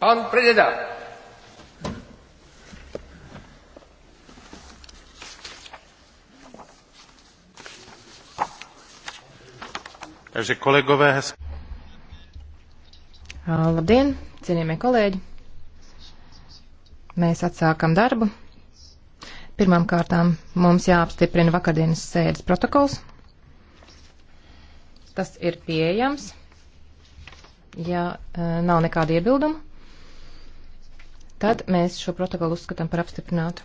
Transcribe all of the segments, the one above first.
Pan predseda. Takže kolegové, hezké. Labdien, cienījamie kolēģi! Mēs atsākam darbu. Pirmām kārtām mums jāapstiprina vakardienas sēdes protokols. Tas ir pieejams, ja e, nav nekāda iebilduma tad mēs šo protokolu uzskatām par apstiprinātu.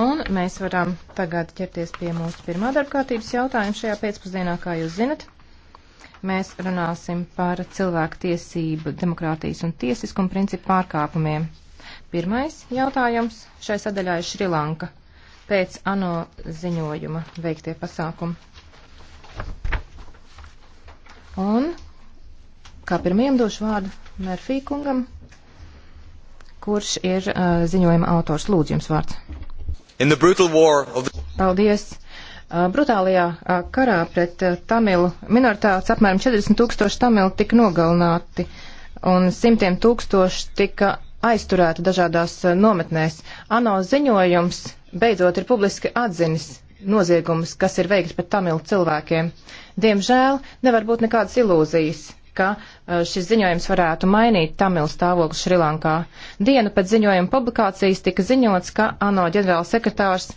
Un mēs varam tagad ķerties pie mūsu pirmā darbkārtības jautājuma šajā pēcpusdienā, kā jūs zinat. Mēs runāsim par cilvēku tiesību, demokrātijas un tiesiskuma principu pārkāpumiem. Pirmais jautājums šai sadaļā ir Šrilanka pēc ANO ziņojuma veiktie pasākumi. Un kā pirmajam došu vārdu Mērfī kungam, kurš ir uh, ziņojuma autors. Lūdzu, jums vārds. The... Paldies. Uh, brutālajā uh, karā pret uh, tamilu minoritātes apmēram 40 tūkstoši tamilu tika nogalināti un simtiem tūkstoši tika aizturēti dažādās uh, nometnēs. ANO ziņojums beidzot ir publiski atzinis noziegumus, kas ir veikts pret tamilu cilvēkiem. Diemžēl nevar būt nekādas ilūzijas ka e, šis ziņojums varētu mainīt Tamilu stāvokli Šrilankā. Dienu pēc ziņojuma publikācijas tika ziņots, ka ANO ģenerālsekretārs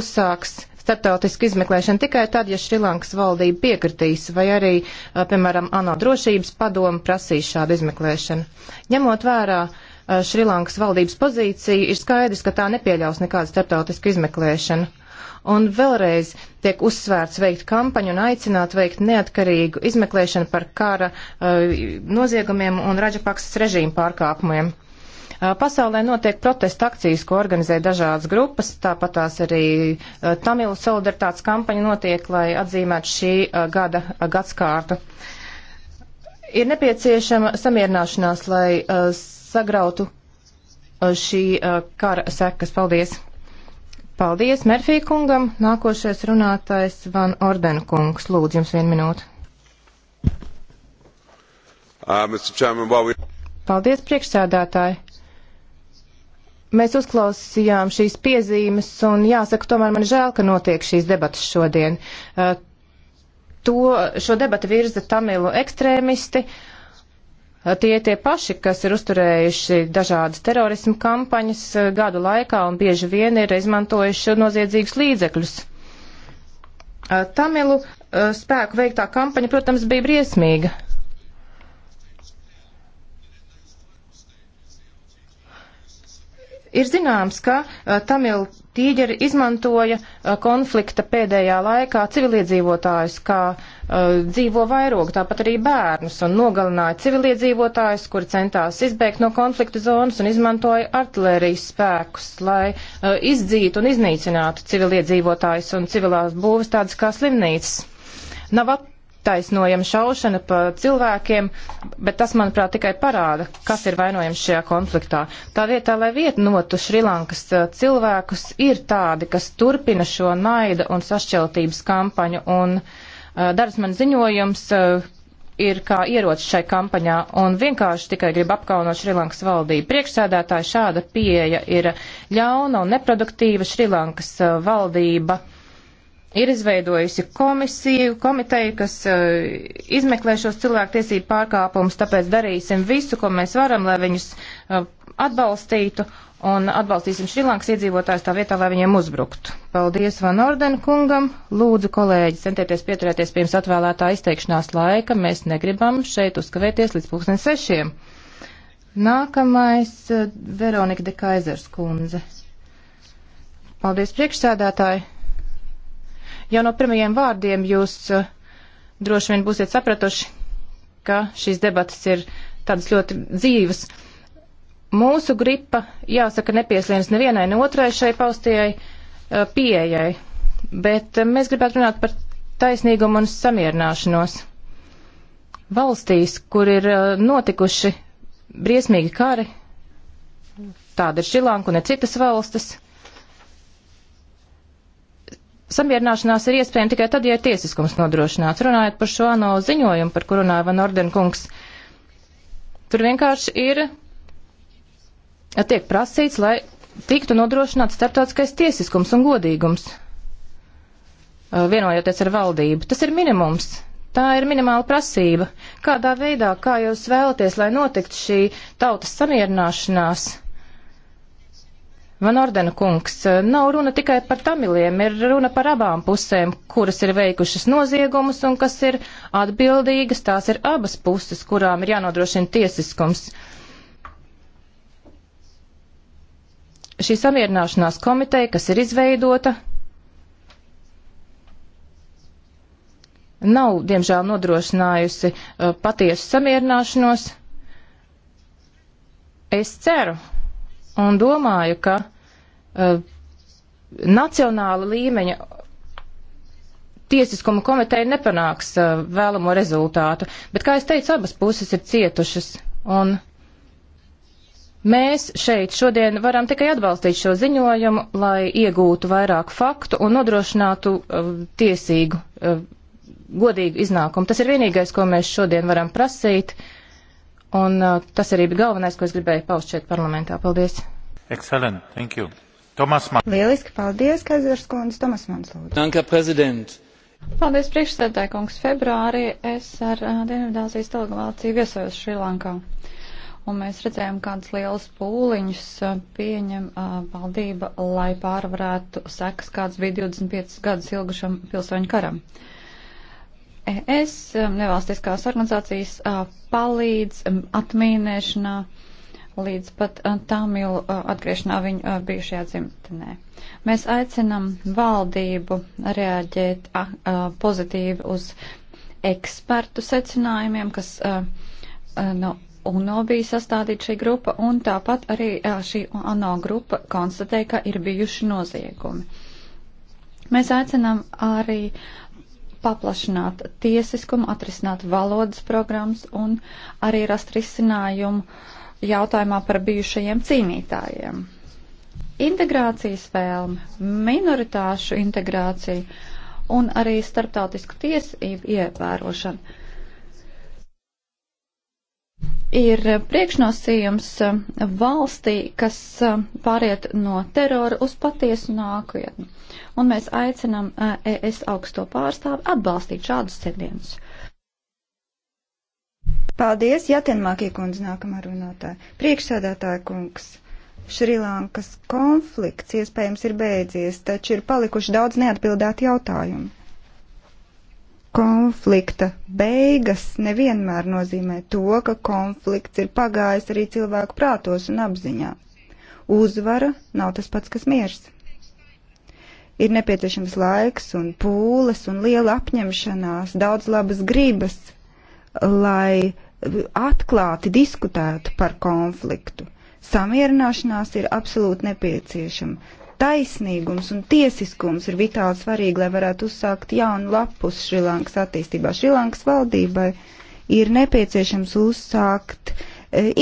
uzsāks starptautisku izmeklēšanu tikai tad, ja Šrilankas valdība piekritīs, vai arī, e, piemēram, ANO drošības padomu prasīs šādu izmeklēšanu. Ņemot vērā e, Šrilankas valdības pozīciju, ir skaidrs, ka tā nepieļaus nekādu starptautisku izmeklēšanu. Un vēlreiz tiek uzsvērts veikt kampaņu un aicināt veikt neatkarīgu izmeklēšanu par kara uh, noziegumiem un Raģapaksas režīmu pārkāpumiem. Uh, pasaulē notiek protesta akcijas, ko organizē dažādas grupas, tāpat tās arī uh, Tamilu solidaritātes kampaņa notiek, lai atzīmētu šī uh, gada uh, gadskārtu. Ir nepieciešama samierināšanās, lai uh, sagrautu šī kara sekas. Paldies! Paldies Merfī kungam. Nākošais runātājs Van Orden kungs. Lūdzu, jums vienu minūtu. Uh, Chairman, we... Paldies, priekšsēdētāji. Mēs uzklausījām šīs piezīmes, un jāsaka, tomēr man žēl, ka notiek šīs debatas šodien. Uh, to, šo debatu virza tamilu ekstrēmisti, uh, Tie tie paši, kas ir uzturējuši dažādas terorismu kampaņas eh, gadu laikā un bieži vien ir izmantojuši noziedzīgus līdzekļus. Eh, Tamilu eh, spēku veiktā kampaņa, protams, bija briesmīga. Ir zināms, ka Tamil tīģeri izmantoja konflikta pēdējā laikā civiliedzīvotājus kā dzīvo vairogu, tāpat arī bērnus, un nogalināja civiliedzīvotājus, kuri centās izbēgt no konflikta zonas un izmantoja artilērijas spēkus, lai izdzītu un iznīcinātu civiliedzīvotājus un civilās būvas tādas kā slimnīcas. Nav at attaisnojama šaušana pa cilvēkiem, bet tas, manuprāt, tikai parāda, kas ir vainojams šajā konfliktā. Tā vietā, lai vietnotu Šrilankas eh, cilvēkus, ir tādi, kas turpina šo naida un sašķeltības kampaņu, un uh, eh, Darsman ziņojums uh, ir kā ierots šai kampaņā un vienkārši tikai grib apkaunot Šrilankas valdību. Priekšsēdētāji šāda pieeja ir ļauna un neproduktīva Šrilankas valdība. Uh, ir izveidojusi komisiju, komiteju, kas uh, izmeklē šos cilvēktiesību pārkāpumus, tāpēc darīsim visu, ko mēs varam, lai viņus uh, atbalstītu un atbalstīsim Šrilankas iedzīvotājus tā vietā, lai viņiem uzbruktu. Paldies Van Orden kungam. Lūdzu, kolēģi, centieties pieturēties pirms atvēlētā izteikšanās laika. Mēs negribam šeit uzkavēties līdz pulksten sešiem. Nākamais uh, Veronika de Kaizers kundze. Paldies priekšsēdētāji. Jau no pirmajiem vārdiem jūs eh, droši vien būsiet sapratuši, ka šīs debatas ir tādas ļoti dzīvas. Mūsu gripa, jāsaka, nepieslienas nevienai, ne otrai šai paustajai eh, pieejai, bet eh, mēs gribētu runāt par taisnīgumu un samierināšanos. Valstīs, kur ir notikuši briesmīgi kari, tāda ir Šilanka un ir citas valstis Samierināšanās ir iespējama tikai tad, ja ir tiesiskums nodrošināts. Runājot par šo ANO ziņojumu, par kuru runāja Van Ordenkungs, tur vienkārši ir, tiek prasīts, lai tiktu nodrošināts starptautiskais tiesiskums un godīgums, vienojoties ar valdību. Tas ir minimums. Tā ir minimāla prasība. Kādā veidā, kā jūs vēlaties, lai notiktu šī tautas samierināšanās? Man ordena kungs, nav runa tikai par tamiliem, ir runa par abām pusēm, kuras ir veikušas noziegumus un kas ir atbildīgas, tās ir abas puses, kurām ir jānodrošina tiesiskums. Šī samierināšanās komiteja, kas ir izveidota, nav, diemžēl, nodrošinājusi uh, patiesu samierināšanos. Es ceru, un domāju, ka uh, nacionāla līmeņa tiesiskuma komiteja nepanāks uh, vēlamo rezultātu. Bet, kā es teicu, abas puses ir cietušas. Un mēs šeit šodien varam tikai atbalstīt šo ziņojumu, lai iegūtu vairāk faktu un nodrošinātu uh, tiesīgu, uh, godīgu iznākumu. Tas ir vienīgais, ko mēs šodien varam prasīt. Uh, Un uh, tas arī bija galvenais, ko es gribēju paust šeit parlamentā. Paldies! Excellent, thank you. Tomas Mans. Lieliski, paldies, Kazars Kundze, Tomas Mans, lūdzu. Danka, prezident. Paldies, priekšsēdētāji kungs. Februārī es ar uh, Dienvidāzijas delegāciju viesojos Šrilankā. Un mēs redzējām, kādas lielas pūliņas uh, pieņem uh, valdība, lai pārvarētu sekas, kāds bija 25 gadus ilgušam pilsoņu karam. Uh, ES um, nevalstiskās organizācijas uh, palīdz um, atmīnēšanā līdz pat uh, Tamilu uh, atgriešanā viņu bijušajā dzimtenē. Mēs aicinam valdību reaģēt pozitīvi uz ekspertu secinājumiem, kas no UNO bija sastādīta šī grupa, un tāpat arī šī ANO grupa konstatēja, ka ir bijuši noziegumi. Mēs aicinām arī paplašināt tiesiskumu, atrisināt valodas programmas un arī rast risinājumu jautājumā par bijušajiem cīnītājiem. Integrācijas vēlme, minoritāšu integrācija un arī starptautisku tiesību ievērošana ir priekšnosījums eh, valstī, kas eh, pāriet no terora uz patiesu nākotni. Un mēs aicinam ES eh, e augsto pārstāvi atbalstīt šādus centienus. Paldies, Jatenmākie kundze, nākamā runātāja. Priekšsēdētāja kungs. Šrilankas konflikts iespējams ir beidzies, taču ir palikuši daudz neatbildētu jautājumu konflikta beigas nevienmēr nozīmē to, ka konflikts ir pagājis arī cilvēku prātos un apziņā. Uzvara nav tas pats, kas miers. Ir nepieciešams laiks un pūles un liela apņemšanās, daudz labas gribas, lai atklāti diskutētu par konfliktu. Samierināšanās ir absolūti nepieciešama taisnīgums un tiesiskums ir vitāli svarīgi, lai varētu uzsākt jaunu lapus Šrilankas attīstībā. Šrilankas valdībai ir nepieciešams uzsākt e,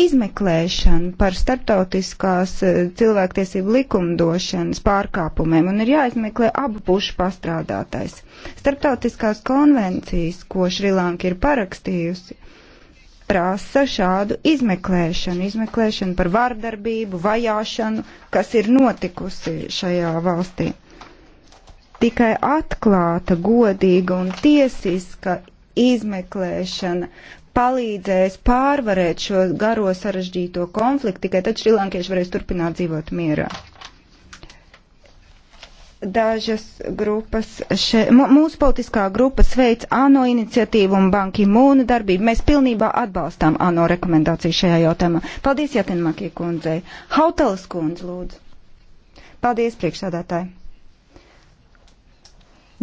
izmeklēšanu par starptautiskās e, cilvēktiesību likumdošanas pārkāpumiem un ir jāizmeklē abu pušu pastrādātais. Starptautiskās konvencijas, ko Šrilanka ir parakstījusi, uh, prasa šādu izmeklēšanu, izmeklēšanu par vardarbību, vajāšanu, kas ir notikusi šajā valstī. Tikai atklāta, godīga un tiesiska izmeklēšana palīdzēs pārvarēt šo garo sarežģīto konfliktu, tikai tad šrilankieši varēs turpināt dzīvot mierā dažas grupas, še, mūsu politiskā grupa sveic ANO iniciatīvu un Banki Mūna darbību. Mēs pilnībā atbalstām ANO rekomendāciju šajā jautājumā. Paldies, Jatinmakie kundzei. Hautalas kundze, lūdzu. Paldies, priekšsādātāji.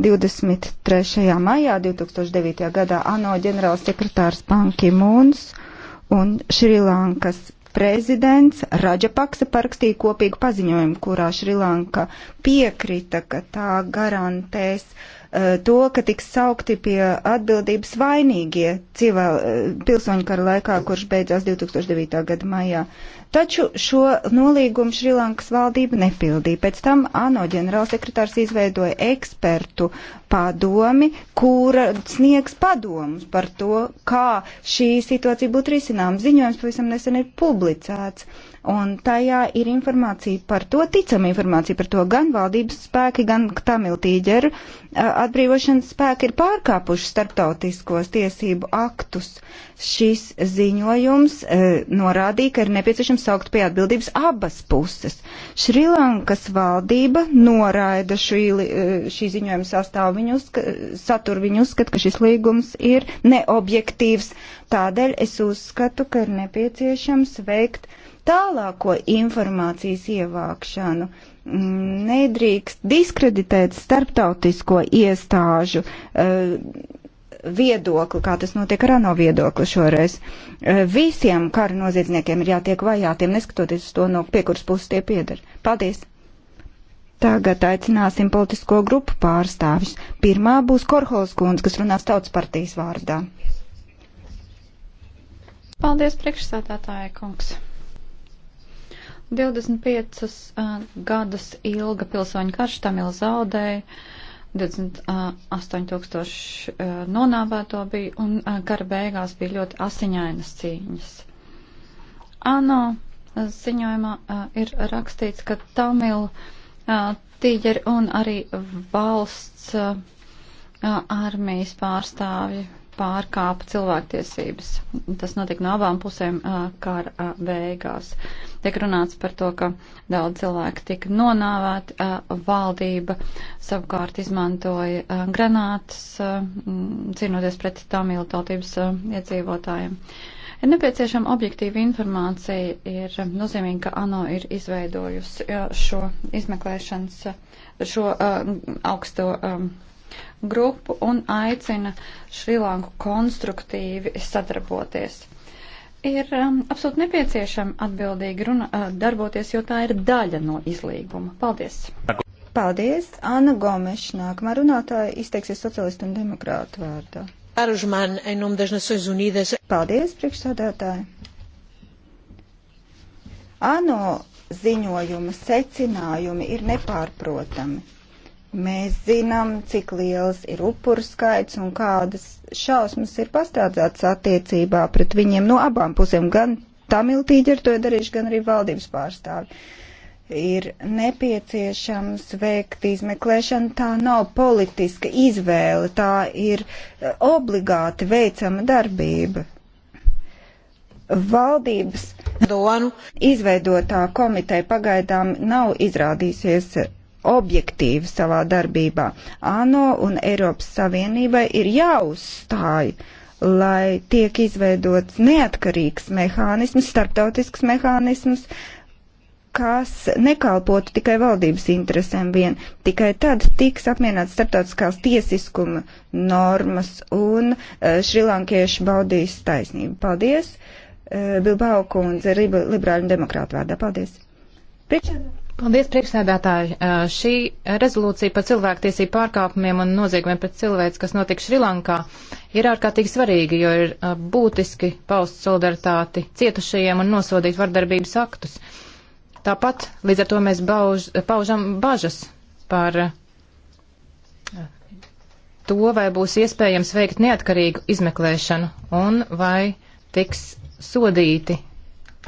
23. maijā 2009. gadā ANO ģenerālsekretārs Banki Mūns un Šrilankas prezidents Raģapaksa parakstīja kopīgu paziņojumu, kurā Šrilanka piekrita, ka tā garantēs uh, Eh, to, ka tiks saukti pie atbildības vainīgie civil, eh, pilsoņu kara laikā, kurš beidzās 2009. gada maijā. Taču šo nolīgumu Šrilankas valdība nepildīja. Pēc tam ANO ģenerālsekretārs izveidoja ekspertu padomi, kura sniegs padomus par to, kā šī situācija būtu risinām. Ziņojums pavisam nesen ir publicēts. Un tajā ir informācija par to, ticama informācija par to, gan valdības spēki, gan tamiltīģeru eh, atbrīvošanas spēki ir pārkāpuši starptautiskos tiesību aktus. Šis ziņojums e, norādīja, ka ir nepieciešams saukt pie atbildības abas puses. Šrilankas valdība noraida šī, e, šī ziņojuma sastāvu, viņu uzska, satur viņu uzskat, ka šis līgums ir neobjektīvs. Tādēļ es uzskatu, ka ir nepieciešams veikt tālāko informācijas ievākšanu nedrīkst diskreditēt starptautisko iestāžu uh, viedokli, kā tas notiek ar ANO viedokli šoreiz. Uh, visiem kara noziedzniekiem ir jātiek vajātiem, neskatoties uz to, no pie kuras puses tie pieder. Paldies! Tagad aicināsim politisko grupu pārstāvis. Pirmā būs Korholas kundze, kas runās tautas partijas vārdā. Paldies, priekšsādātāja kungs! 25 uh, gadus ilga pilsoņu karš Tamil zaudēja, 28 tūkstoši uh, nonāvēto bija un uh, kara beigās bija ļoti asiņainas cīņas. ANO ziņojumā uh, ir rakstīts, ka Tamil uh, tīģeri un arī valsts uh, armijas pārstāvji pārkāpa cilvēktiesības. Tas notika no abām pusēm kara beigās. Tiek runāts par to, ka daudz cilvēku tika nonāvēti, valdība savukārt izmantoja granātas, cīnoties pret tamilu tautības iedzīvotājiem. Ir nepieciešama objektīva informācija. Ir nozīmīgi, ka ANO ir izveidojusi šo izmeklēšanas, šo augsto grupu un aicina Šrilanku konstruktīvi sadarboties. Ir um, absolūti nepieciešama atbildīgi runa, uh, darboties, jo tā ir daļa no izlīguma. Paldies! Paldies! Anna Gomeša nākamā runātāja izteiksies socialistu un demokrātu vārdā. Paldies, priekšsādātāji! ANO ziņojuma secinājumi ir nepārprotami Mēs zinām, cik liels ir upuru skaits un kādas šausmas ir pastrādāts attiecībā pret viņiem no abām pusēm, gan Tamil tīģi ar to ir darījuši, gan arī valdības pārstāvi. Ir nepieciešams veikt izmeklēšanu, tā nav politiska izvēle, tā ir e, obligāti veicama darbība. Valdības Donu. izveidotā komiteja pagaidām nav izrādīsies objektīvi savā darbībā. ANO un Eiropas Savienībai ir jāuzstāj, lai tiek izveidots neatkarīgs mehānisms, starptautisks mehānisms, kas nekalpotu tikai valdības interesēm vien. Tikai tad tiks apmienāts starptautiskās tiesiskuma normas un e, šrilankieši baudīs taisnību. Paldies! E, Bilbao kundze, liberāļu demokrātu vārdā. Paldies! Priekšādā! Paldies, priekšsēdētāji. Šī rezolūcija par cilvēktiesību pārkāpumiem un noziegumiem pret cilvēks, kas notika Šrilankā, ir ārkārtīgi svarīga, jo ir būtiski paust solidaritāti cietušajiem un nosodīt vardarbības aktus. Tāpat līdz ar to mēs bauž, paužam bažas par to, vai būs iespējams veikt neatkarīgu izmeklēšanu un vai tiks sodīti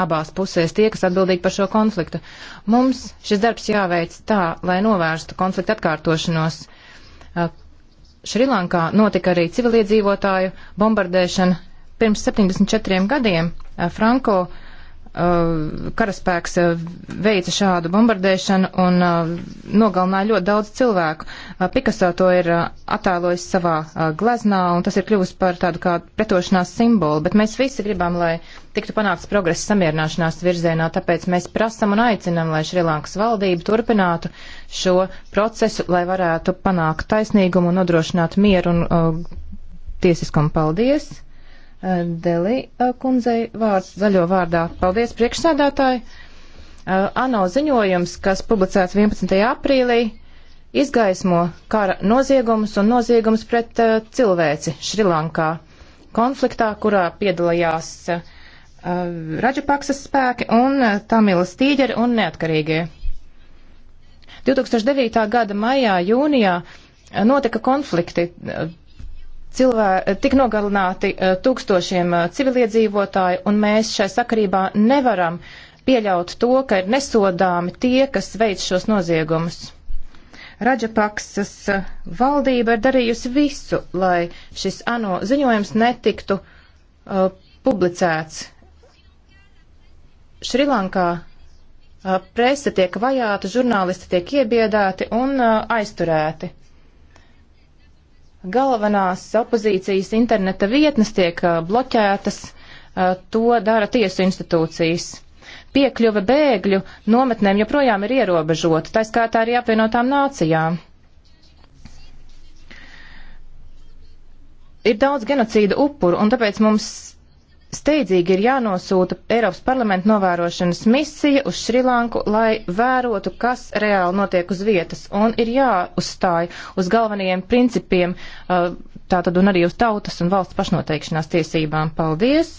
abās pusēs tie, kas atbildīgi par šo konfliktu. Mums šis darbs jāveic tā, lai novērstu konfliktu atkārtošanos. Uh, Šrilankā notika arī civiliedzīvotāju bombardēšana pirms 74 gadiem. Uh, Franko uh, Uh, karaspēks uh, veica šādu bombardēšanu un uh, nogalināja ļoti daudz cilvēku. Pikaso to ir attēlojis savā gleznā un tas ir kļuvis par tādu kā pretošanās simbolu, bet mēs visi gribam, lai tiktu panākts progress samierināšanās virzienā, tāpēc mēs prasam un aicinam, lai Šrilankas valdība turpinātu šo procesu, lai varētu panākt taisnīgumu un nodrošināt mieru un uh, tiesiskumu. Paldies! Deli uh, kundzei vārds zaļo vārdā. Paldies priekšsēdātāji. Uh, ANO ziņojums, kas publicēts 11. aprīlī, izgaismo kara noziegumus un noziegumus pret uh, cilvēci Šrilankā. Konfliktā, kurā piedalījās Raģapaksas spēki un Tamilas tīģeri un neatkarīgie. 2009. gada maijā, jūnijā notika konflikti cilvēki, tik nogalināti eh, tūkstošiem eh, civiliedzīvotāju, un mēs šai sakarībā nevaram pieļaut to, ka ir nesodāmi tie, kas veic šos noziegumus. Raģapaksas eh, valdība ir darījusi visu, lai šis ANO ziņojums netiktu uh, publicēts. Šrilankā uh, prese tiek vajāta, žurnālisti tiek iebiedēti un uh, aizturēti. Galvenās opozīcijas interneta vietnes tiek bloķētas, to dara tiesu institūcijas. Piekļuve bēgļu nometnēm joprojām ir ierobežota, tā skaitā arī apvienotām nācijām. Ir daudz genocīda upuru, un tāpēc mums Steidzīgi ir jānosūta Eiropas parlamenta novērošanas misija uz Šrilanku, lai vērotu, kas reāli notiek uz vietas, un ir jāuzstāj uz galvenajiem principiem, uh, tātad un arī uz tautas un valsts pašnoteikšanās tiesībām. Paldies!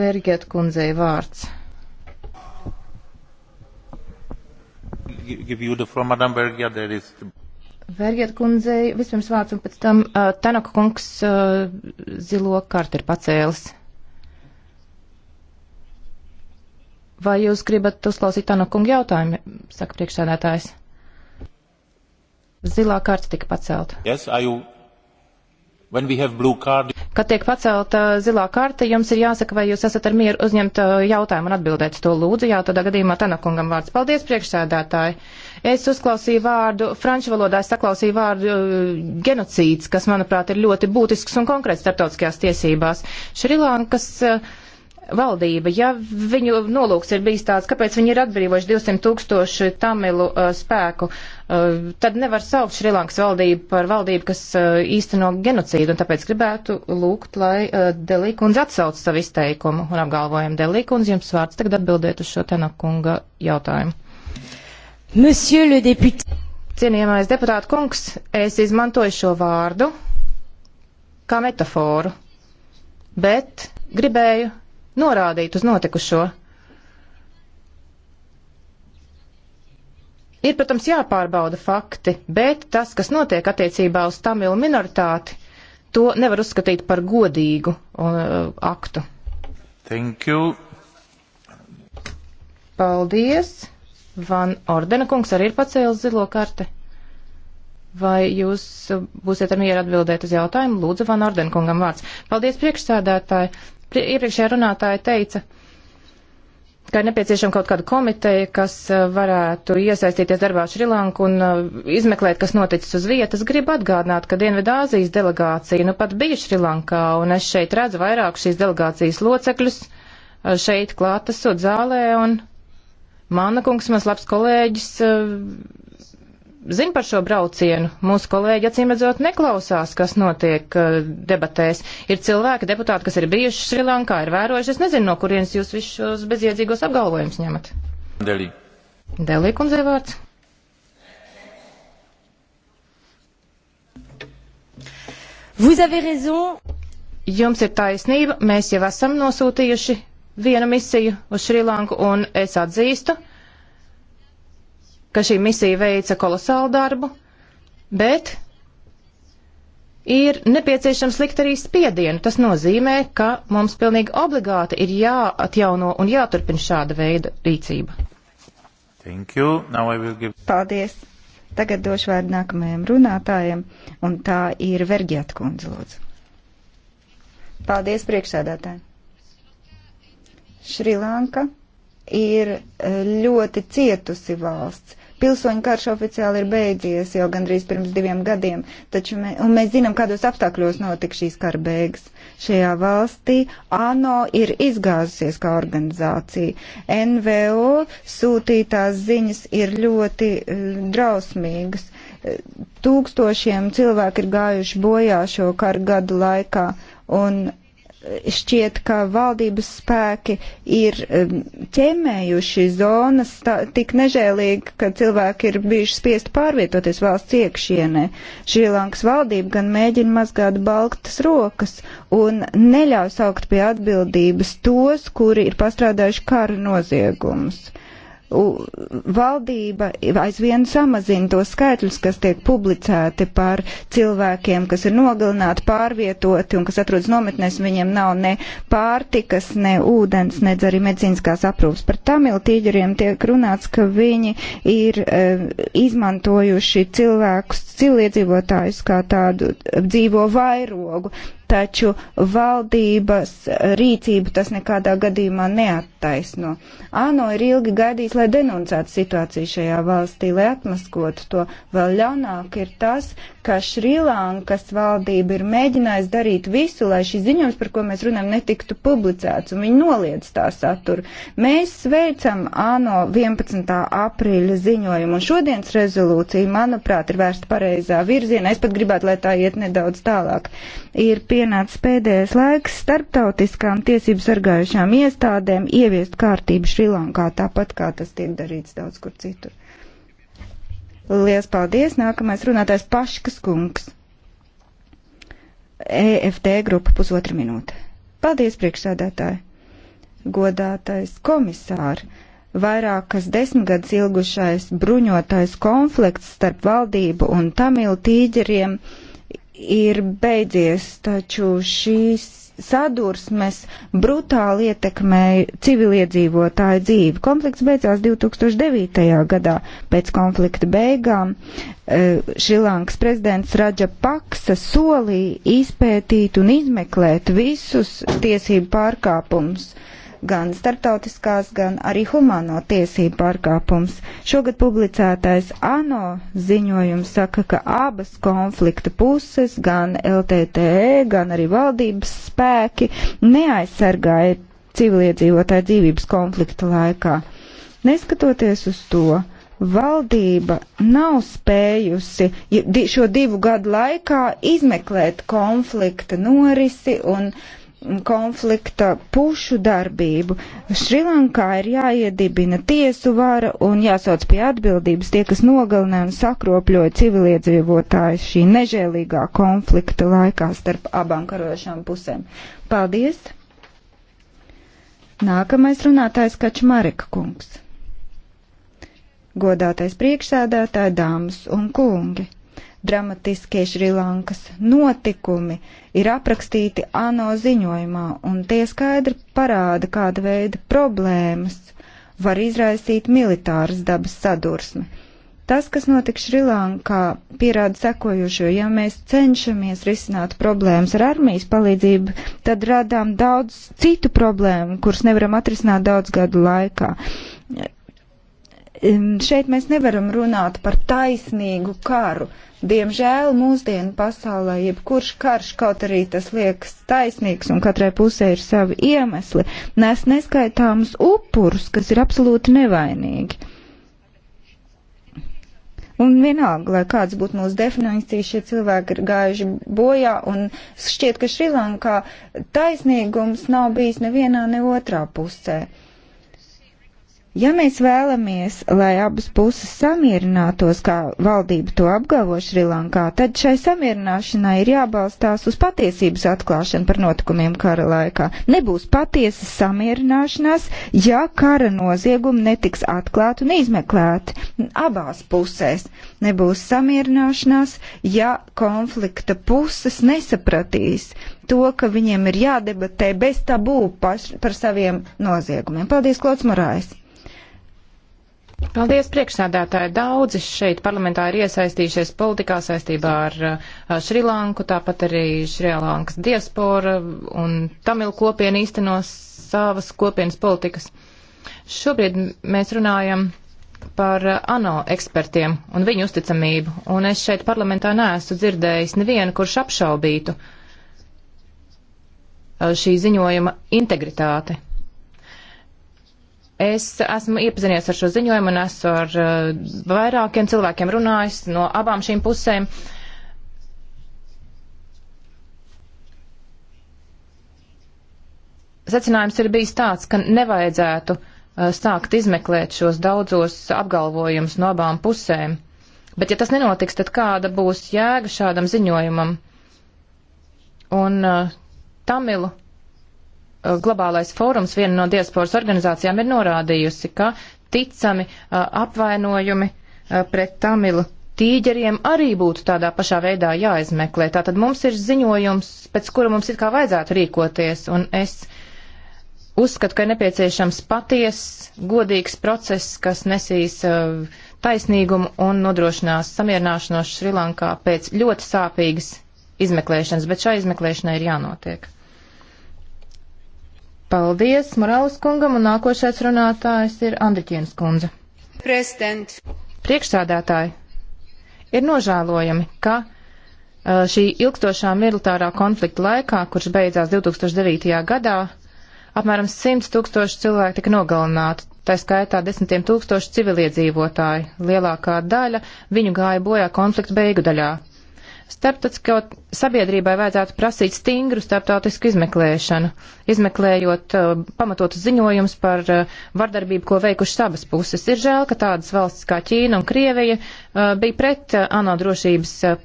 Vergiet kundzei vārds. Give you the from Madame Bergia, there is Vērģiet kundzei, vispirms vārds un pēc tam uh, Tanaka kungs uh, zilo kartu ir pacēlis. Vai jūs gribat uzklausīt Tanaka kungu jautājumu, saka priekšsēdētājs? Zilā karta tika pacelta. Yes, are you... When we have blue card... Kad tiek pacelta zilā karte, jums ir jāsaka, vai jūs esat ar mieru uzņemt uh, jautājumu un atbildēt to lūdzu. Jā, tādā gadījumā Tanakungam vārds. Paldies, priekšsēdētāji. Es uzklausīju vārdu, franču valodā es saklausīju vārdu uh, genocīds, kas, manuprāt, ir ļoti būtisks un konkrēts starptautiskajās tiesībās. Šrilankas. Uh, valdība, ja viņu nolūks ir bijis tāds, kāpēc viņi ir atbrīvojuši 200 tūkstoši tamilu uh, spēku, uh, tad nevar saukt Šrilankas valdību par valdību, kas uh, īsteno genocīdu, un tāpēc gribētu lūgt, lai uh, Delīkundze atsauc savu izteikumu un apgalvojumu. Delīkundze, jums vārds tagad atbildēt uz šo Tenakunga jautājumu. Monsieur le député. Cienījamais deputāta kungs, es izmantoju šo vārdu kā metaforu, bet gribēju norādīt uz notikušo. Ir, protams, jāpārbauda fakti, bet tas, kas notiek attiecībā uz tamilu minoritāti, to nevar uzskatīt par godīgu uh, aktu. Thank you. Paldies. Van Ordena kungs arī ir pacēlis zilo karti. Vai jūs būsiet ar mieru atbildēt uz jautājumu? Lūdzu, Van Ordena kungam vārds. Paldies, priekšsēdētāji. Iepriekšējā runātāja teica, ka ir nepieciešama kaut kāda komiteja, kas uh, varētu iesaistīties darbā Šrilanku un uh, izmeklēt, kas noticis uz vietas. Gribu atgādināt, ka Dienvidāzijas delegācija nu pat bija Šrilankā, un es šeit redzu vairāk šīs delegācijas locekļus uh, šeit klātesot zālē, un Māna kungs, mans labs kolēģis, zina par šo braucienu. Mūsu kolēģi acīm redzot neklausās, kas notiek uh, debatēs. Ir cilvēki, deputāti, kas ir bijuši Šrilankā, ir vērojuši. Es nezinu, no kurienes jūs visus šos bezjēdzīgos apgalvojumus ņemat. Delī. Delī kundzei vārds. Vous avez raison. Jums ir taisnība, mēs jau esam nosūtījuši vienu misiju uz Šrilanku, un es atzīstu, uh, ka šī misija veica kolosālu darbu, bet ir nepieciešams likt arī spiedienu. Tas nozīmē, ka mums pilnīgi obligāti ir jāatjauno un jāturpina šāda veida rīcība. Give... Paldies! Tagad došu vārdu nākamajam runātājam, un tā ir Vergiat kundze, lūdzu. Paldies priekšsēdētājiem! Šrilanka ir eh, ļoti cietusi valsts. Pilsoņu karš oficiāli ir beidzies jau gandrīz pirms diviem gadiem, taču mē, un mēs zinām, kādos apstākļos notika šīs kara beigas. Šajā valstī ANO ir izgāzusies kā organizācija. NVO sūtītās ziņas ir ļoti uh, drausmīgas. Tūkstošiem cilvēku ir gājuši bojā šo karu gadu laikā, un šķiet, ka valdības spēki ir um, ķemējuši zonas tā, tik nežēlīgi, ka cilvēki ir bijuši spiest pārvietoties valsts iekšienē. Šrilankas valdība gan mēģina mazgāt balktas rokas un neļauj saukt pie atbildības tos, kuri ir pastrādājuši kara noziegumus. Uh, valdība aizvien samazina to skaitļus, kas tiek publicēti par cilvēkiem, kas ir nogalināti, pārvietoti un kas atrodas nometnēs, viņiem nav ne pārtikas, ne ūdens, ne arī medicīniskās aprūpas. Par tamilu tīģeriem tiek runāts, ka viņi ir e, izmantojuši cilvēkus, cilvēdzīvotājus kā tādu e, dzīvo vairogu taču valdības rīcību tas nekādā gadījumā neattaisno. ANO ir ilgi gaidījis, lai denuncētu situāciju šajā valstī, lai atmaskotu to. Vēl ļaunāk ir tas, ka Šrilankas valdība ir mēģinājusi darīt visu, lai šis ziņojums, par ko mēs runājam, netiktu publicēts, un viņi noliedz tā saturu. Mēs sveicam ANO 11. aprīļa ziņojumu, un šodienas rezolūcija, manuprāt, ir vērsta pareizā virzienā. Es pat gribētu, lai tā iet nedaudz tālāk. Ir pienācis pēdējais laiks starptautiskām tiesību sargājušām iestādēm ieviest kārtību Šrilankā, tāpat kā tas tiek darīts daudz kur citur. Lielas paldies! Nākamais runātājs Paškas kungs. EFT grupa pusotra minūte. Paldies, priekšsēdētāji! Godātais komisāri! Vairākas desmitgadus ilgušais bruņotais konflikts starp valdību un tamilu tīģeriem ir beidzies, taču šīs sadursmes brutāli ietekmēja civiliedzīvotāju dzīvi. Konflikts beidzās 2009. gadā. Pēc konflikta beigām e, Šrilankas prezidents Raja Paksa solīja izpētīt un izmeklēt visus tiesību pārkāpumus gan starptautiskās, gan arī humāno tiesību pārkāpums. Šogad publicētais ANO ziņojums saka, ka abas konflikta puses, gan LTTE, gan arī valdības spēki neaizsargāja civiliedzīvotāju dzīvības konflikta laikā. Neskatoties uz to, valdība nav spējusi šo divu gadu laikā izmeklēt konflikta norisi un konflikta pušu darbību. Šrilankā ir jāiedibina tiesu vara un jāsauc pie atbildības tie, kas nogalina un sakropļoja civiliedzīvotājus šī nežēlīgā konflikta laikā starp abām karojošām pusēm. Paldies! Nākamais runātājs Kačmarika kungs. Godātais priekšsēdētāji, dāmas un kungi! dramatiskie Šrilankas notikumi ir aprakstīti ANO ziņojumā, un tie skaidri parāda, kāda veida problēmas var izraisīt militāras dabas sadursme. Tas, kas notika Šrilankā, pierāda sekojošo, ja mēs cenšamies risināt problēmas ar armijas palīdzību, tad radām daudz citu problēmu, kuras nevaram atrisināt daudz gadu laikā Šeit mēs nevaram runāt par taisnīgu karu. Diemžēl mūsdienu pasaulē jebkurš karš, kaut arī tas liekas taisnīgs un katrai pusē ir savi iemesli, nes neskaitāmus upurus, kas ir absolūti nevainīgi. Un vienalga, lai kāds būtu mūsu definīcija, šie cilvēki ir gājuši bojā un šķiet, ka Šrilankā taisnīgums nav bijis nevienā ne otrā pusē. Uh, Ja mēs vēlamies, lai abas puses samierinātos, kā valdība to apgalvo Šrilankā, tad šai samierināšanai ir jābalstās uz patiesības atklāšanu par notikumiem kara laikā. Nebūs patiesas samierināšanās, ja kara noziegumi netiks atklāti un izmeklēti abās pusēs. Nebūs samierināšanās, ja konflikta puses nesapratīs to, ka viņiem ir jādebatē bez tabū paš, par saviem noziegumiem. Paldies, Klots Morājs! Paldies, priekšsādātāji. Daudzi šeit parlamentā ir iesaistījušies politikā saistībā ar Šrilanku, tāpat arī Šrilankas diaspora un Tamil kopiena īstenos savas kopienas politikas. Šobrīd mēs runājam par uh, ANO ekspertiem un viņu uzticamību, un es šeit parlamentā neesmu dzirdējis nevienu, kurš apšaubītu uh, šī ziņojuma integritāti. Es esmu iepazinies ar šo ziņojumu un esmu ar eh, vairākiem cilvēkiem runājis no abām šīm pusēm. Secinājums ir bijis tāds, ka nevajadzētu eh, sākt izmeklēt šos daudzos apgalvojumus no abām pusēm. Bet ja tas nenotiks, tad kāda būs jēga šādam ziņojumam? Un uh, Tamilu Eh, globālais fórums, viena no diasporas organizācijām, ir norādījusi, ka ticami eh, apvainojumi eh, pret Tamilu tīģeriem arī būtu tādā pašā veidā jāizmeklē. Tātad mums ir ziņojums, pēc kura mums it kā vajadzētu rīkoties, un es uzskatu, ka ir nepieciešams paties, godīgs process, kas nesīs uh, taisnīgumu un nodrošinās samierināšanos Šrilankā pēc ļoti sāpīgas izmeklēšanas, bet šai izmeklēšanai ir jānotiek. Paldies Morāles kungam, un nākošais runātājs ir Andriķienas kundze. Prezident. Priekšsādātāji, ir nožēlojami, ka uh, šī ilgstošā militārā konflikta laikā, kurš beidzās 2009. gadā, apmēram 100 tūkstoši cilvēku tika nogalināti, tā skaitā desmitiem tūkstoši civiliedzīvotāji, lielākā daļa viņu gāja bojā konflikta beigu daļā. Starptautiskā sabiedrībai vajadzētu prasīt stingru starptautisku izmeklēšanu, izmeklējot uh, pamatotu ziņojumus par uh, vardarbību, ko veikušas abas puses. Ir žēl, ka tādas valstis kā Ķīna un Krievija uh, bija pret uh, ANO drošības uh,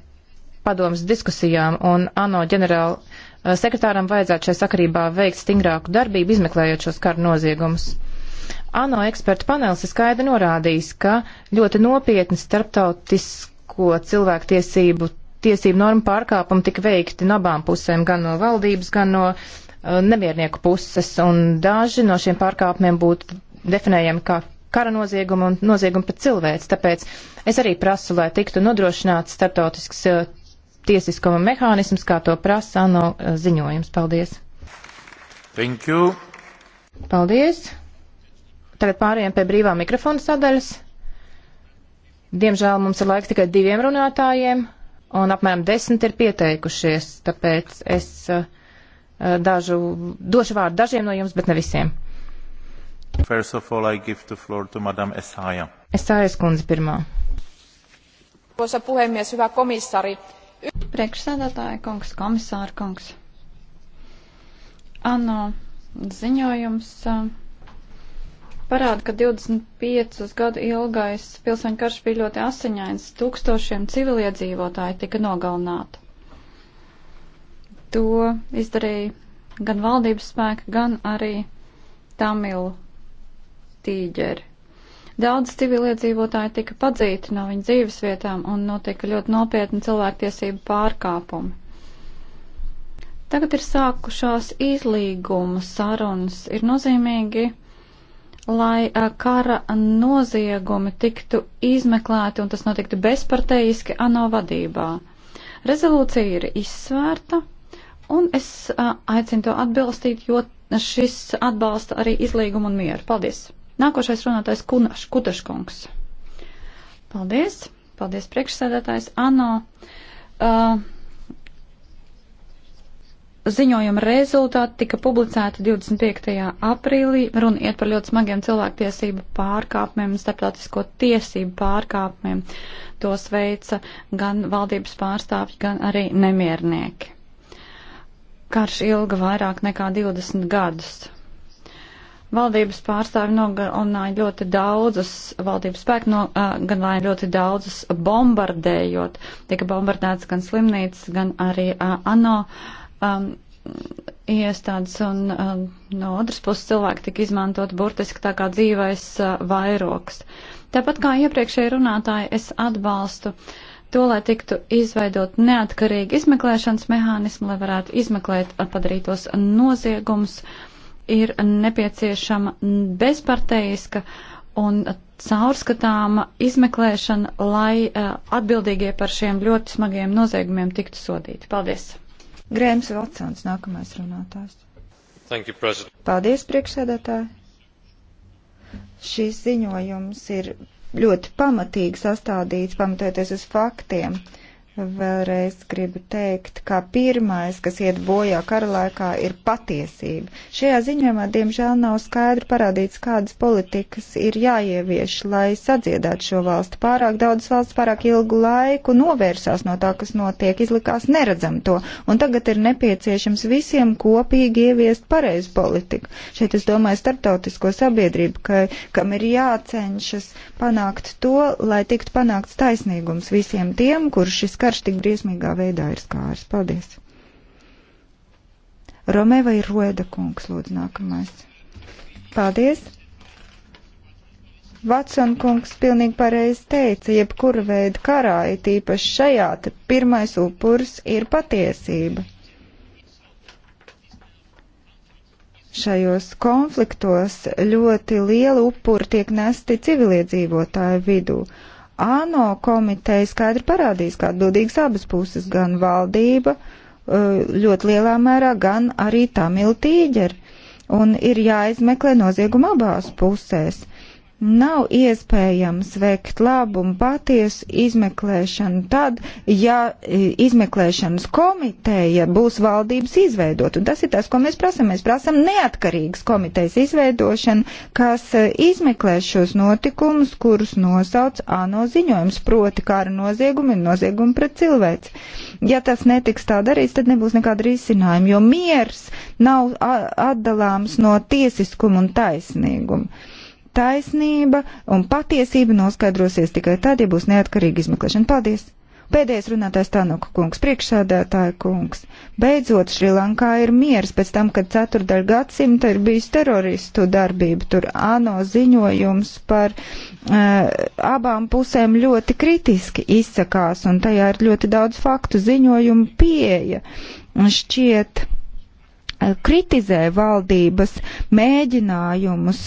padomas diskusijām, un ANO ģenerāla uh, sekretāram vajadzētu šai sakarībā veikt stingrāku darbību, izmeklējot šos karu noziegumus. ANO ekspertu panelis ir skaidri norādījis, ka ļoti nopietni starptautisko cilvēktiesību tiesību norma pārkāpumi tika veikti no abām pusēm, gan no valdības, gan no uh, nemiernieku puses, un daži no šiem pārkāpumiem būtu definējami kā kara nozieguma un nozieguma pret cilvēci. Tāpēc es arī prasu, lai tiktu nodrošināts startautisks uh, tiesiskuma mehānisms, kā to prasa ANO uh, ziņojums. Paldies! Thank you! Paldies! Tagad pārējiem pie brīvā mikrofona sadaļas. Diemžēl mums ir laiks tikai diviem runātājiem un apmēram desmit ir pieteikušies, tāpēc es eh, eh, dažu, došu vārdu dažiem no jums, bet ne visiem. First of all, I give the floor to Madam Esaja. Esajas kundze pirmā. Arvoisa puhemies, hyvä komissari. Priekšsēdētāja kungs, komisāra kungs. Ano, ziņojums. Uh, parāda, ka 25 gadu ilgais pilsoņu karš bija ļoti asiņains. Tūkstošiem civiliedzīvotāji tika nogalināti. To izdarīja gan valdības spēki, gan arī tamilu tīģeri. Daudz civiliedzīvotāji tika padzīti no viņu dzīves vietām un notika ļoti nopietni cilvēktiesību pārkāpumi. Tagad ir sākušās izlīguma sarunas. Ir nozīmīgi lai eh, kara noziegumi tiktu izmeklēti un tas notiktu bezparteiski ANO vadībā. Rezolūcija ir izsvērta un es eh, aicinu to atbilstīt, jo šis atbalsta arī izlīgumu un mieru. Paldies! Nākošais runātājs Kunaš, Kutaškungs. Paldies! Paldies priekšsēdētājs ANO. Uh, ziņojuma rezultāti tika publicēti 25. aprīlī. Runa iet par ļoti smagiem cilvēktiesību pārkāpumiem un starptautisko tiesību pārkāpumiem. Tos veica gan valdības pārstāvji, gan arī nemiernieki. Karš ilga vairāk nekā 20 gadus. Valdības pārstāvi nogalināja ļoti daudzus, valdības spēku nogalināja ļoti daudzus bombardējot. Tika bombardēts gan slimnīcas, gan arī ANO. Uh, um, iestādes un um, no otras puses cilvēki tika izmantot burtiski tā kā dzīvais uh, vairoks. Tāpat kā iepriekšēji runātāji, es atbalstu to, lai tiktu izveidot neatkarīgi izmeklēšanas mehānismu, lai varētu izmeklēt padarītos noziegumus, ir nepieciešama bezparteiska un caurskatāma izmeklēšana, lai uh, atbildīgie par šiem ļoti smagiem noziegumiem tiktu sodīti. Paldies! Grēms Vatsons, nākamais runātājs. You, Paldies, priekšsēdētāji. Šis ziņojums ir ļoti pamatīgi sastādīts, pamatojoties uz faktiem. Uh, Vēlreiz gribu teikt, ka pirmais, kas iet bojā kara laikā, ir patiesība. Šajā ziņojumā, diemžēl, nav skaidri parādīts, kādas politikas ir jāievieš, lai sadziedātu šo valstu. Pārāk daudz valsts pārāk ilgu laiku novērsās no tā, kas notiek, izlikās neredzam to, un tagad ir nepieciešams visiem kopīgi ieviest pareizu politiku. Šeit es domāju starptautisko sabiedrību, ka, kam ir jācenšas panākt to, lai tiktu panākts taisnīgums visiem tiem, kur šis karš tik briesmīgā veidā ir skāris. Paldies! Romē vai Roeda kungs, lūdzu, nākamais. Paldies! Vatsona kungs pilnīgi pareizi teica, jebkura veida karā, it īpaši šajā, te pirmais upurs ir patiesība. Šajos konfliktos ļoti liela upura tiek nesti civiliedzīvotāju vidū, ANO komiteja skaidri parādīs, kā atbildīgas abas puses, gan valdība uh, ļoti lielā mērā, gan arī Tamilu tīģeri. Un ir jāizmeklē nozieguma abās pusēs. Nav iespējams veikt labu un patiesu izmeklēšanu tad, ja e, izmeklēšanas komiteja būs valdības izveidot. Un tas ir tas, ko mēs prasam. Mēs prasam neatkarīgas komitejas izveidošanu, kas e, izmeklē šos notikumus, kurus nosauc ANO ziņojums, proti kara noziegumi un noziegumi pret cilvēci. Ja tas netiks tā darīts, tad nebūs nekāda risinājuma, jo miers nav atdalāms no tiesiskuma un taisnīguma taisnība un patiesība noskaidrosies tikai tad, ja būs neatkarīga izmeklēšana. Paldies! Pēdējais runātājs Tanuka kungs, priekšsādātāja kungs. Beidzot, Šrilankā ir miers pēc tam, kad ceturdaļ gadsimta ir bijis teroristu darbība. Tur ANO ziņojums par uh, abām pusēm ļoti kritiski izsakās, un tajā ir ļoti daudz faktu ziņojumu pieeja. Un šķiet, uh, kritizē valdības mēģinājumus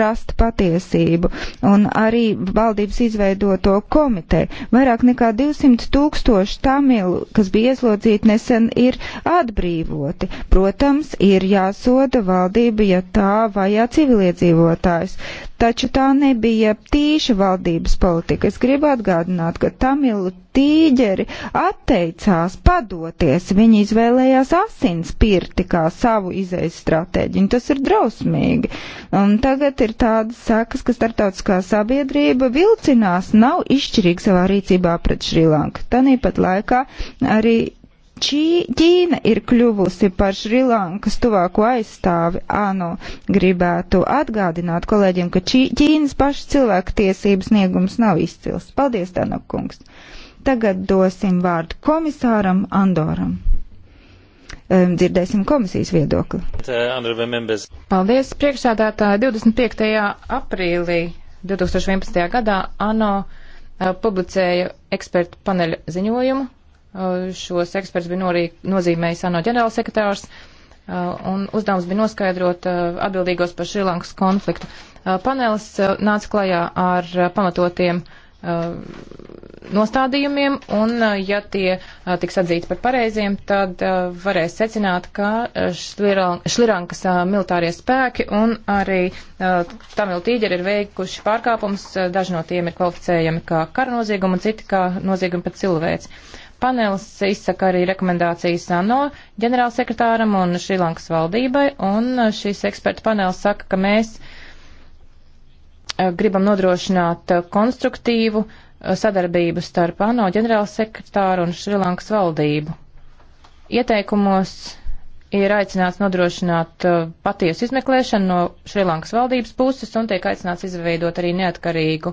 rast patiesību un arī valdības izveidoto komiteju. Vairāk nekā 200 tūkstoši tamilu, kas bija ieslodzīti nesen, ir atbrīvoti. Protams, ir jāsoda valdība, ja tā vajā civiliedzīvotājs. Taču tā nebija tīša valdības politika. Es gribu atgādināt, ka tamilu tīģeri atteicās padoties, viņi izvēlējās asins pirti kā savu izējas stratēģiju, un tas ir drausmīgi. Un tagad ir tādas sekas, ka starptautiskā sabiedrība vilcinās, nav izšķirīga savā rīcībā pret Šrilanku. Tanīpat laikā arī Čī, Ķīna ir kļuvusi par Šrilankas tuvāko aizstāvi. Anu gribētu atgādināt kolēģiem, ka Čī, Ķīnas paša cilvēka tiesības sniegums nav izcils. Paldies, Tanakungs! kungs! Tagad dosim vārdu komisāram Andoram. Um, dzirdēsim komisijas viedokli. Uh, Paldies, priekšsādātāji. 25. aprīlī 2011. gadā ANO uh, publicēja ekspertu paneļa ziņojumu. Uh, šos eksperts bija norī, nozīmējis ANO ģenerālsekretārs. Uh, un uzdevums bija noskaidrot uh, atbildīgos par Šrilankas konfliktu. Uh, panelis uh, nāca klajā ar uh, pamatotiem uh, Uh, nostādījumiem, un uh, ja tie uh, tiks atzīti par pareiziem, tad varēs secināt, ka Šlirankas militārie spēki un arī Tamil tīģeri ir veikuši pārkāpumus, daži no tiem ir kvalificējami kā kara noziegumi un citi kā noziegumi pēc cilvēks. Panelis izsaka arī rekomendācijas ANO ģenerālsekretāram un Šrilankas valdībai, un šis eksperta panelis saka, ka mēs uh, Eh, gribam nodrošināt eh, konstruktīvu eh, sadarbību starp ANO ģenerālsekretāru un Šrilankas valdību. Ieteikumos ir aicināts nodrošināt patiesu izmeklēšanu no Šrilankas valdības puses un tiek aicināts izveidot arī neatkarīgu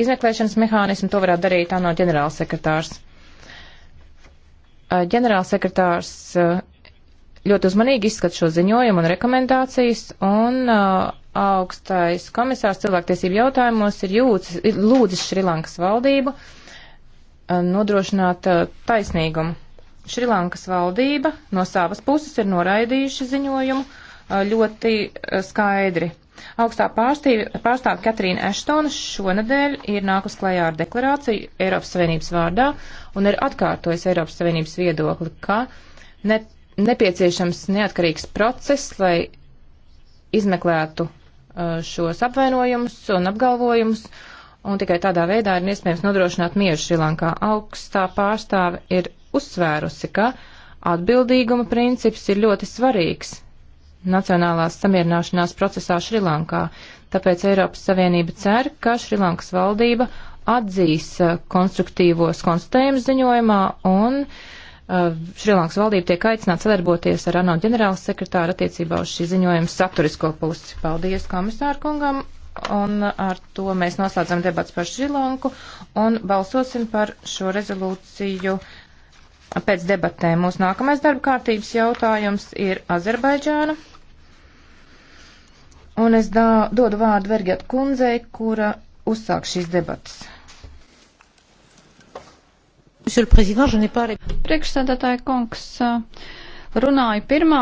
izmeklēšanas mehānismu. To varētu darīt ANO ģenerālsekretārs. Ģenerālsekretārs ļoti uzmanīgi izskat šo ziņojumu un rekomendācijas un uh, augstais komisārs cilvēktiesību jautājumos ir, jūcis, ir lūdzis Šrilankas valdību uh, nodrošināt uh, taisnīgumu. Šrilankas valdība no savas puses ir noraidījuši ziņojumu uh, ļoti skaidri. Augstā pārstāve Katrīna Eštona šonadēļ ir nākus klajā ar deklarāciju Eiropas Savienības vārdā un ir atkārtojis Eiropas Savienības viedokli, ka ne, nepieciešams neatkarīgs process, lai izmeklētu Uh, šos apvainojumus un apgalvojumus, un tikai tādā veidā ir iespējams nodrošināt mieru Šrilankā. Augstā pārstāve ir uzsvērusi, ka atbildīguma princips ir ļoti svarīgs nacionālās samierināšanās procesā Šrilankā, tāpēc Eiropas Savienība cer, ka Šrilankas valdība atzīs uh, konstruktīvos konstatējumus ziņojumā un uh, Uh, Šrilankas valdība tiek aicināta sadarboties ar ANO ģenerālsekretāru attiecībā uz šī ziņojuma saturisko pusi. Paldies komisāru kungam, un ar to mēs noslēdzam debats par Šrilanku, un balsosim par šo rezolūciju pēc debatēm. Mūsu nākamais darba kārtības jautājums ir Azerbaidžāna. Un es dā, dodu vārdu Vergiet kundzei, kura uzsāk šīs debatas. Priekšsēdētāja kungs runāja pirmā